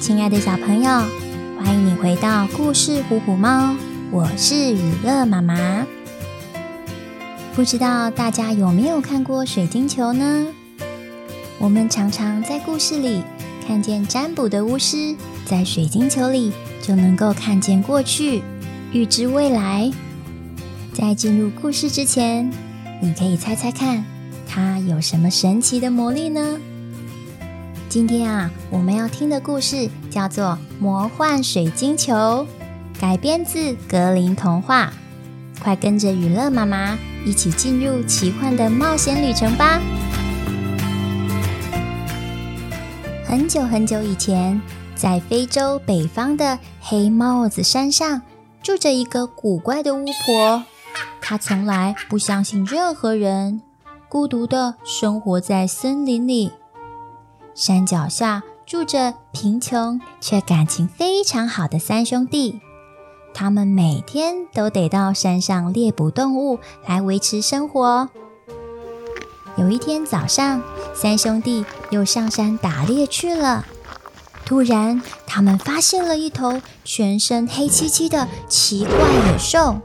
親愛的小朋友，歡迎你回到故事《虎虎貓》，我是予樂媽媽。不知道大家有沒有看過水晶球呢？我們常常在故事裡看見占卜的巫師，在水晶球裡就能夠看見過去，預知未來。在進入故事之前，你可以猜猜看，它有什麼神奇的魔力呢？今天啊，我們要聽的故事叫做《魔幻水晶球》，改編自格林童話。快跟着予樂媽媽一起進入奇幻的冒險旅程吧！很久很久以前，在非洲北方的黑帽子山上，住着一個古怪的巫婆。她從來不相信任何人，孤獨的生活在森林裡。山腳下住着貧窮卻感情非常好的三兄弟，他們每天都得到山上獵捕動物來維持生活。有一天早上，三兄弟又上山打獵去了。突然，他們發現了一頭全身黑漆漆的奇怪野獸。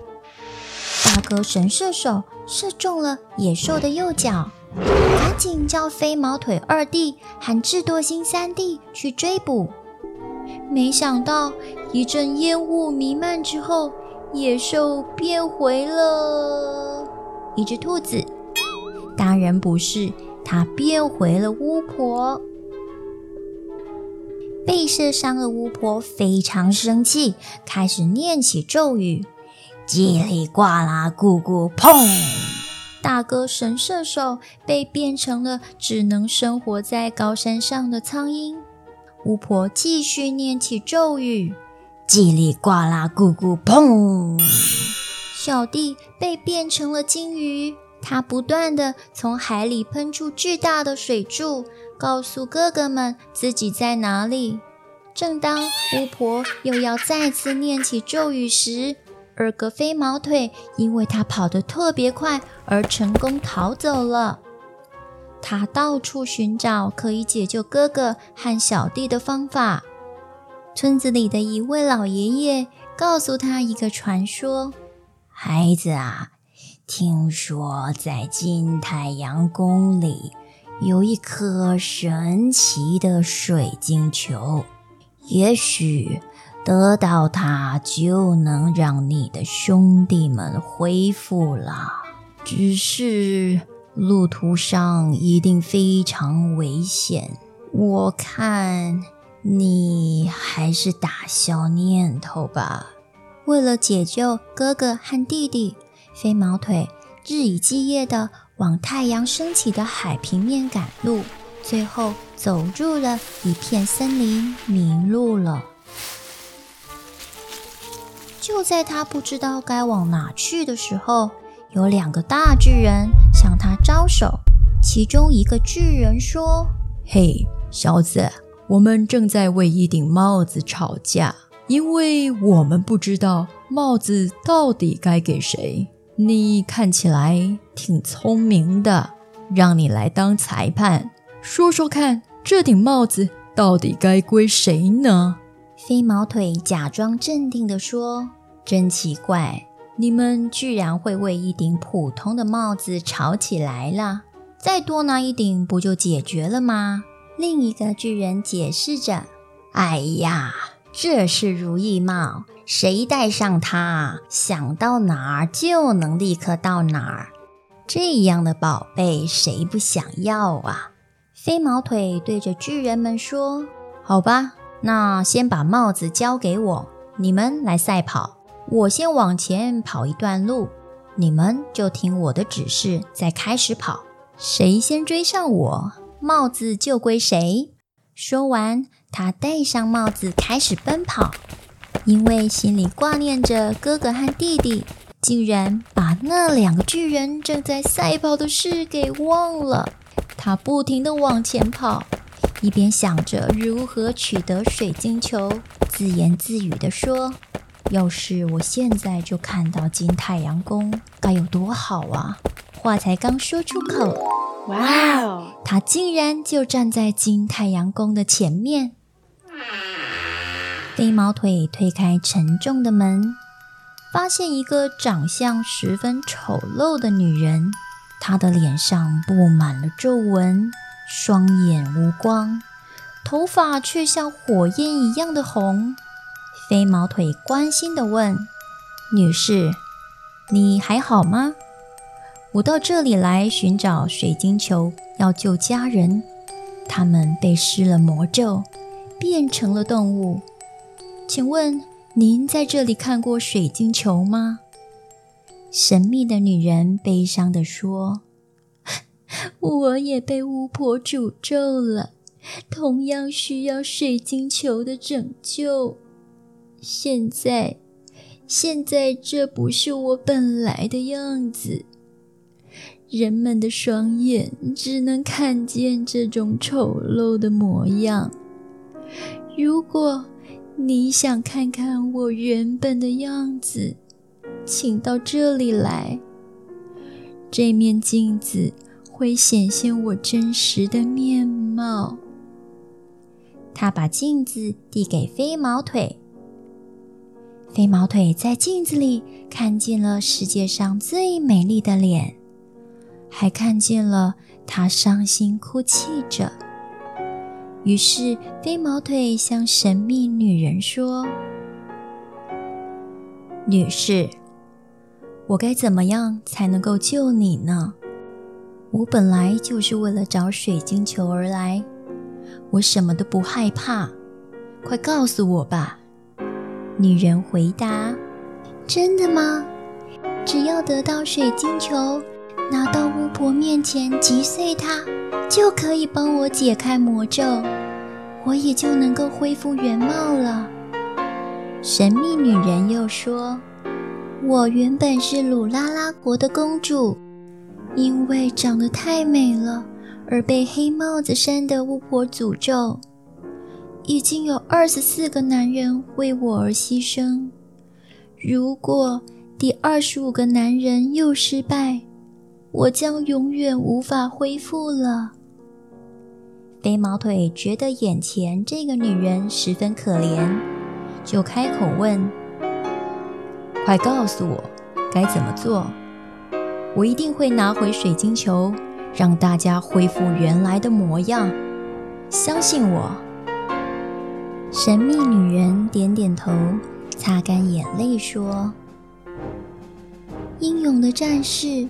大哥神射手射中了野獸的右腳。竟叫飛毛腿二弟和智多星三弟去追捕，沒想到一陣煙霧瀰漫之後，野獸變回了一隻兔子。當然不是，它變回了巫婆。被射傷的巫婆非常生氣，開始念起咒語：嘰里呱啦咕咕，砰！大哥神射手被變成了只能生活在高山上的蒼鷹，巫婆繼續念起咒語，嘰裡呱啦咕咕，砰！小弟被變成了鯨魚，他不斷的從海裡噴出巨大的水柱，告訴哥哥們自己在哪裡。正當巫婆又要再次念起咒語時，二哥飛毛腿，因為他跑得特別快，而成功逃走了。他到處尋找可以解救哥哥和小弟的方法。村子裡的一位老爺爺告訴他一個傳說：“孩子啊，聽說在金太陽宮裡有一顆神奇的水晶球，也許……”得到它就能讓你的兄弟們恢復了，只是路途上一定非常危險。我看你還是打消念頭吧。為了解救哥哥和弟弟，飛毛腿日以繼夜的往太陽升起的海平面趕路，最後走入了一片森林，迷路了。就在他不知道該往哪去的時候，有兩個大巨人向他招手。其中一個巨人說：“嘿，hey, 小子，我們正在為一頂帽子吵架，因為我們不知道帽子到底該給誰。你看起來挺聰明的，讓你來當裁判，說說看，這頂帽子到底該歸誰呢？”飛毛腿假裝鎮定地說：“真奇怪，你們居然會為一頂普通的帽子吵起來了。再多拿一頂，不就解決了嗎？”另一個巨人解釋着：“哎呀，這是如意帽，誰戴上它，想到哪兒就能立刻到哪兒。這樣的寶貝，誰不想要啊？”飛毛腿對着巨人們說：“好吧。”那先把帽子交給我，你們來賽跑。我先往前跑一段路，你們就聽我的指示再開始跑。誰先追上我，帽子就歸誰。說完，他戴上帽子開始奔跑，因為心裡掛念着哥哥和弟弟，竟然把那兩個巨人正在賽跑的事給忘了。他不停地往前跑。一邊想着如何取得水晶球，自言自語地說：“要是我現在就看到金太陽宮，該有多好啊！”話才剛說出口，哇哦！他竟然就站在金太陽宮的前面。飛毛腿推開沉重的門，發現一個長相十分醜陋的女人，她的臉上布滿了皺紋。雙眼無光，頭髮卻像火焰一樣的紅。飛毛腿關心的問：“女士，你還好嗎？我到這裡來尋找水晶球，要救家人。他們被施了魔咒，變成了動物。請問您在這裡看過水晶球嗎？”神秘的女人悲傷的說。我也被巫婆詛咒了，同樣需要水晶球的拯救。現在，現在這不是我本來的樣子。人們的雙眼只能看見這種醜陋的模樣。如果你想看看我原本的樣子，請到這裡來，這面鏡子會顯現我真實的面貌。他把鏡子遞給飛毛腿，飛毛腿在鏡子裡看見了世界上最美麗的臉，還看見了他傷心哭泣着。於是，飛毛腿向神祕女人說：“女士，我該怎麼樣才能夠救你呢？”我本來就是為了找水晶球而來，我什麼都不害怕。快告訴我吧！女人回答：“真的嗎？只要得到水晶球，拿到巫婆面前擊碎它，就可以幫我解開魔咒，我也就能夠恢復原貌了。”神祕女人又說：“我原本是魯拉拉國的公主。”因為長得太美了，而被黑帽子山的巫婆詛咒。已經有二十四個男人為我而犧牲。如果第二十五個男人又失敗，我將永遠無法恢復了。飛毛腿覺得眼前這個女人十分可憐，就開口問：“快告訴我，該怎麼做？”我一定會拿回水晶球，讓大家恢復原來的模樣。相信我。神祕女人點點頭，擦乾眼淚說：“英勇的戰士，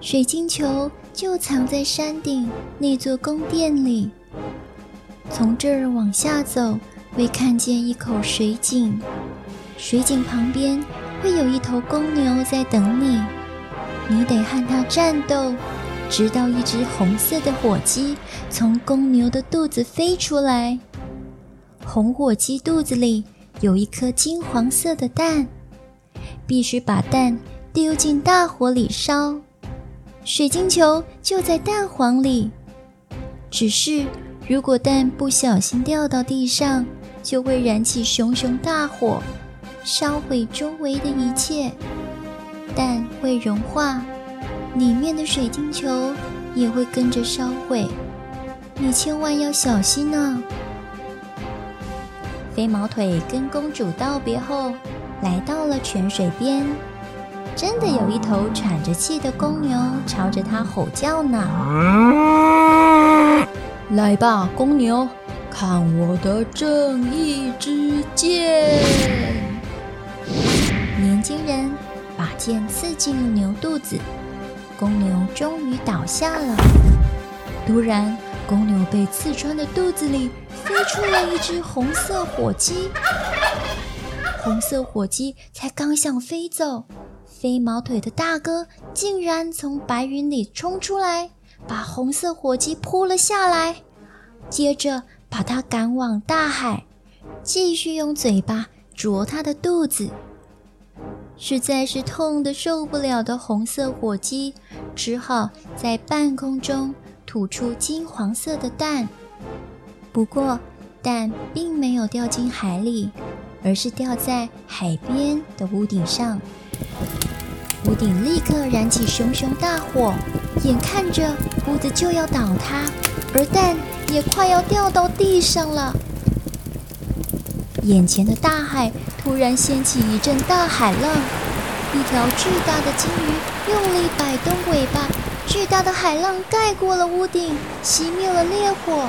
水晶球就藏在山頂那座宮殿裡。從這兒往下走，會看見一口水井，水井旁邊會有一頭公牛在等你。”你得和他戰鬥，直到一隻紅色的火雞從公牛的肚子飛出來。紅火雞肚子裡有一顆金黃色的蛋，必須把蛋丟進大火裡燒。水晶球就在蛋黃裡，只是如果蛋不小心掉到地上，就會燃起熊熊大火，燒毀周圍的一切。但，會融化，裡面的水晶球也會跟着燒毀，你千萬要小心呢，啊。飛毛腿跟公主道別後，來到了泉水邊，真的有一頭喘着氣的公牛朝着他吼叫呢。來吧，公牛，看我的正義之劍，年輕人。劍刺進了牛肚子，公牛終於倒下了。突然，公牛被刺穿的肚子裡飛出了一隻紅色火雞。紅色火雞才剛想飛走，飛毛腿的大哥竟然從白雲裡衝出來，把紅色火雞撲了下來，接着把它趕往大海，繼續用嘴巴啄它的肚子。實在是痛得受不了的紅色火雞，只好在半空中吐出金黃色的蛋。不過，蛋並沒有掉進海裡，而是掉在海邊的屋頂上。屋頂立刻燃起熊熊大火，眼看着屋子就要倒塌，而蛋也快要掉到地上了。眼前的大海，突然掀起一陣大海浪，一條巨大的鯨魚用力擺動尾巴，巨大的海浪蓋過了屋頂，熄滅了烈火。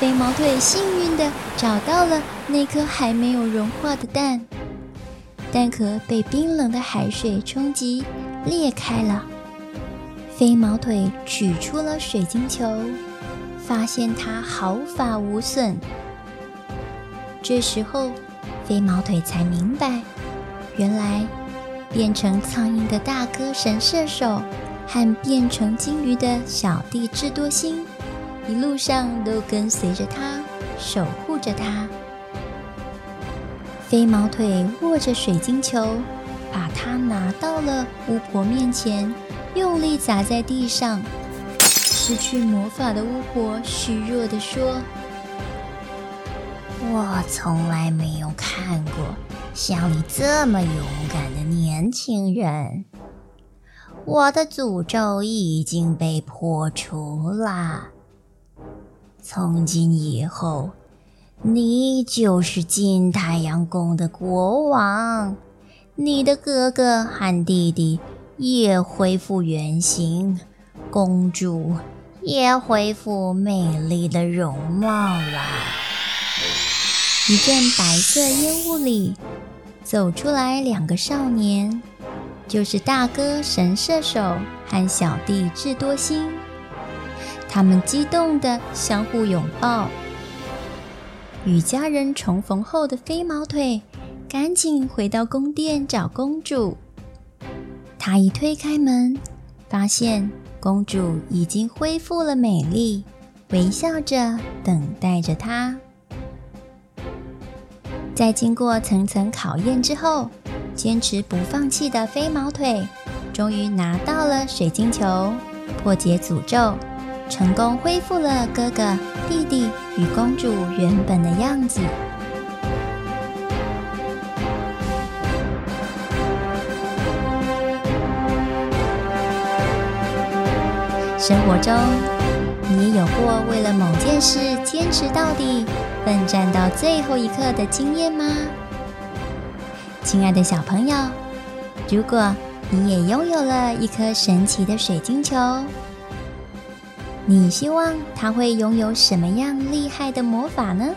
飛毛腿幸運地找到了那顆還沒有融化的蛋，蛋殼被冰冷的海水衝擊，裂開了。飛毛腿取出了水晶球，發現它毫髮無損。這時候。飛毛腿才明白，原來變成蒼蠅的大哥神射手和變成金魚的小弟智多星，一路上都跟隨着他，守護着他。飛毛腿握着水晶球，把它拿到了巫婆面前，用力砸在地上。失去魔法的巫婆虛弱地說。我從來沒有看過像你這麼勇敢的年輕人。我的詛咒已經被破除了，從今以後，你就是金太陽宮的國王。你的哥哥和弟弟也恢復原形，公主也恢復美麗的容貌了。一陣白色煙霧裡走出來兩個少年，就是大哥神射手和小弟智多星。他們激動地相互擁抱。與家人重逢後的飛毛腿趕緊回到宮殿找公主。他一推開門，發現公主已經恢復了美麗，微笑着等待着她。在經過層層考驗之後，堅持不放棄的飛毛腿終於拿到了水晶球，破解詛咒，成功恢復了哥哥、弟弟與公主原本的樣子。生活中，你有過為了某件事堅持到底？奮戰到最後一刻的經驗嗎？親愛的小朋友，如果你也擁有了一顆神奇的水晶球，你希望它會擁有什麼樣厲害的魔法呢？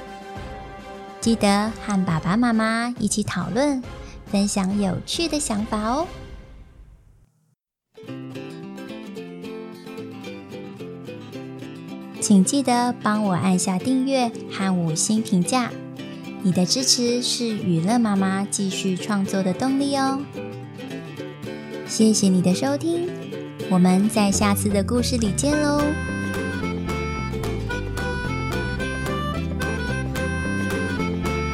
記得和爸爸媽媽一起討論，分享有趣的想法哦。請記得幫我按下訂閱和五星評價，你的支持是予樂媽媽繼續創作的動力哦。謝謝你的收聽，我們在下次的故事裡見嘍。